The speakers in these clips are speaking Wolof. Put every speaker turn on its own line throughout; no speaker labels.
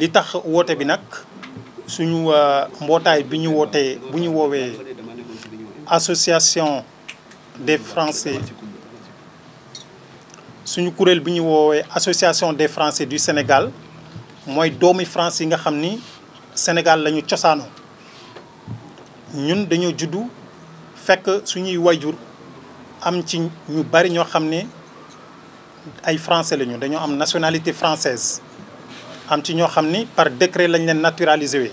li tax woote bi nag suñu euh, mbootaay bi ñu wootee bu ñu woowee association des français suñu kuréel bi ñu woowee association des français du Sénégal mooy doomi France yi nga xam ni Sénégal lañu cosaanu ñun dañoo juddu fekk suñuy wayjur am ci ñu bari ñoo xam ne ay français lañu dañoo am nationalité française am ci ñoo xam ni par décret lañ leen naturalisé wee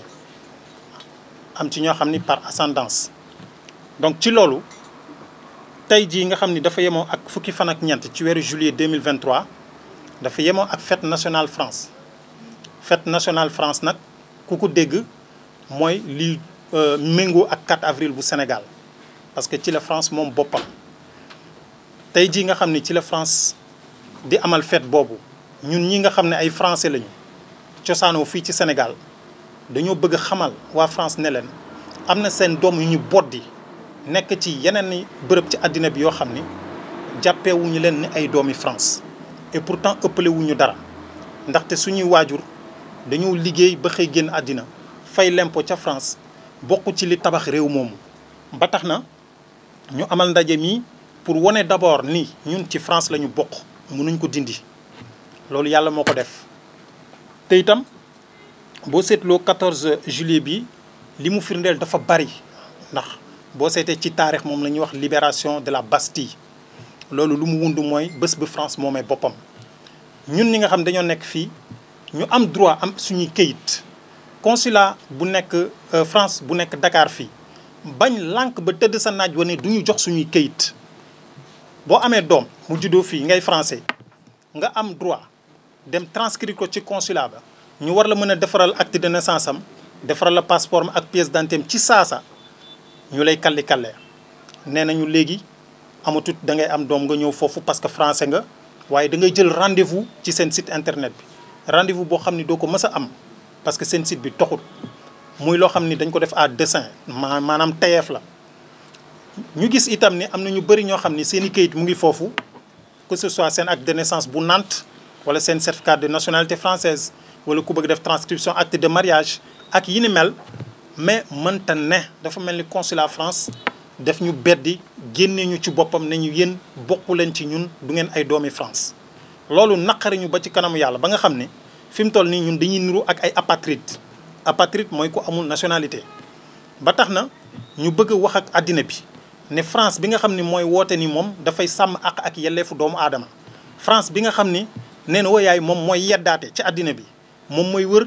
am ci ñoo xam ni par ascendance donc ci loolu tey jii nga xam ni dafa yemoo ak fukki fan ak ñeent ci weeru juillet 2023 dafa yemoo ak fête nationale France fête nationale France nag ku ko dégg mooy li euh, méngoo ak 4 avril bu Sénégal parce que ci la France moom boppam tey jii nga xam ne ci la France di amal fête boobu ñun ñi nga xam ne ay français lañu cosaanoo fii ci senegal dañoo bëgg xamal waa France ne leen am na seen doom yu ñu boddi nekk ci yeneen bërëb ci àddina bi yoo xam ni jàppewuñu leen ni ay doomi France et pourtant ëppale wuñu dara ndaxte suñuy waajur dañoo liggéey ba xëy génn àddina fay lempo ca France bokk ci li tabax réew moomu ba tax na ñu amal ndaje mii pour wane d'abord ni ñun ci France la ñu bokk mënuñ ko dindi loolu yàlla moo ko def te itam boo seetloo 14 juillet bi li mu firndeel dafa bari ndax boo seetee ci taarix moom la ñuy wax libération de la Bastille loolu lu mu wund mooy bés ba France moomee boppam ñun ñi nga xam dañoo nekk fii ñu am droit am suñuy kayit consulat bu nekk euh, France bu nekk dakaar fii bañ lank ba tëdd sa naaj wane du ñu jox suñuy kayit boo amee doom mu juddoo fii ngay français nga am droit dem transcrire ko ci consulat ñu war la mën a defaral acte de naissance am defaral la passeport ak pièce d'identité ci saasa ñu lay kalli kalle nee nañu léegi amatut da ngay am doom nga ñëw foofu parce que français nga waaye da ngay jël rendez-vous ci seen site internet bi rendez boo xam ni doo ko mës a am parce que seen site bi toxut muy loo xam ni dañ ko def à dessein maanaam tayeef la ñu gis itam ni am na ñu bëri ñoo xam ni seen i kayit mu ngi foofu que ce soit seen acte de naissance bu Nantes wala seen certificat de nationalité française wala ku bëgg def transcription acte de mariage ak yi ni mel mais mënta ne dafa mel ni consulat France def ñu beddi génne ñu ci boppam ne ñu yéen bokku leen ci ñun du ngeen ay doomi France loolu naqari ñu ba ci kanamu yàlla ba nga xam ne fi mu toll nii ñun dañuy niru ak ay apatride apatride mooy ku amul nationalité ba tax na ñu bëgg wax ak àddina bi ne France bi nga xam ni mooy woote ni moom dafay sàmm ak ak yelleefu doomu aadama France bi nga xam ni nee na yaay moom mooy yeddaate ci àddina bi moom mooy wër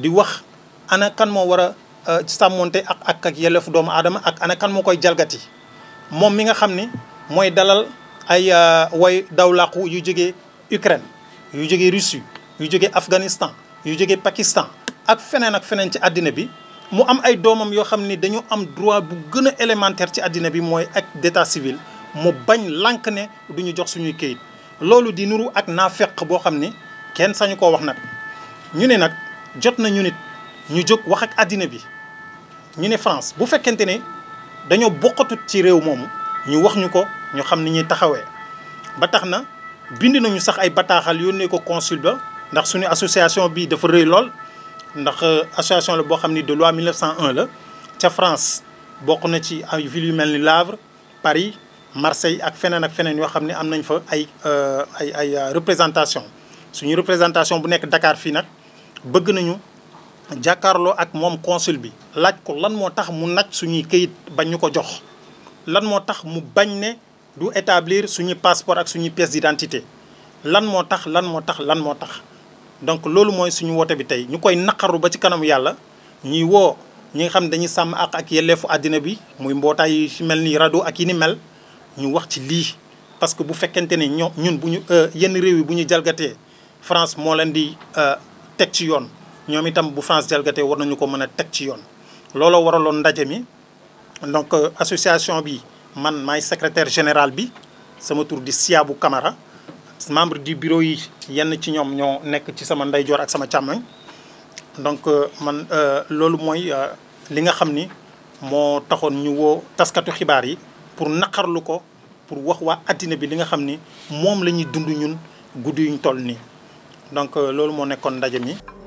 di wax ana kan moo war a euh, sàmmonte ak ak ak yelleefu doomu aadama ak ana kan moo koy jalgati moom mi nga xam ni mooy dalal ay euh, way dawlaqu yu jógee Ukraine yu jógee Russie yu jógee Afghanistan yu jóge Pakistan ak feneen ak feneen ci àddina bi mu am ay doomam yoo xam ni dañu am droit bu gën a élémentaire ci àddina bi mooy ak d'état civil mu bañ lànk ne du ñu jox suñuy këyit loolu di nuru ak naafeq boo xam ni kenn sañu ko wax nag ñu ne nag jot nañu nit ñu jóg wax ak àddina bi ñu ne France bu fekkente ne dañoo boqatu ci réew moomu ñu wax ñu ko ñu xam ni ñuy taxawee ba tax na bind nañu sax ay bataaxal yónnee ko consul ba ndax suñu association bi dafa rëy lool ndax euh, association la boo xam ni de loi 1901 la ca France bokk na ci ay villes yu mel ni Le Havre Paris Marseille ak feneen ak feneen yoo xam ne am nañ fa ay euh, ay ay euh, représentation suñu représentation bu nekk dakaar fii nag bëgg nañu jàkkaarloo ak moom consul bi laaj ko lan moo tax mu nag suñuy këyit bañ ñu ko jox lan moo tax mu bañ ne du établir suñu passeport ak suñu pièce d'identité lan moo tax lan moo tax lan moo tax donc loolu mooy suñu woote bi tey ñu koy naqaru ba ci kanam yàlla ñuy woo ñi nga xam ne dañuy sàmm ak ak yelleefu àddina bi muy mbootaay yi mel nii rajo ak yi ni mel ñu wax ci lii. parce que bu fekkente ni ñoo ñun bu ñu euh, yenn réew yi bu ñu jalgatee France moo leen di euh, teg ci yoon ñoom itam bu France jalgatee war nañu ko mën a teg ci yoon. looloo waraloon ndaje mi donc euh, association bi man maay secretaire général bi sama tur di Siabou Camara. membre du bureau yi yenn ci ñoom ñoo nekk ci sama ndeyjoor ak sama càmmoñ donc euh, man euh, loolu mooy euh, li nga xam ni moo taxoon ñu woo taskatu xibaar yi pour naqarlu ko pour wax waa àddina bi li nga xam ni moom la ñuy dund ñun guddi yu ñu toll nii donc loolu moo nekkoon ndaje mi.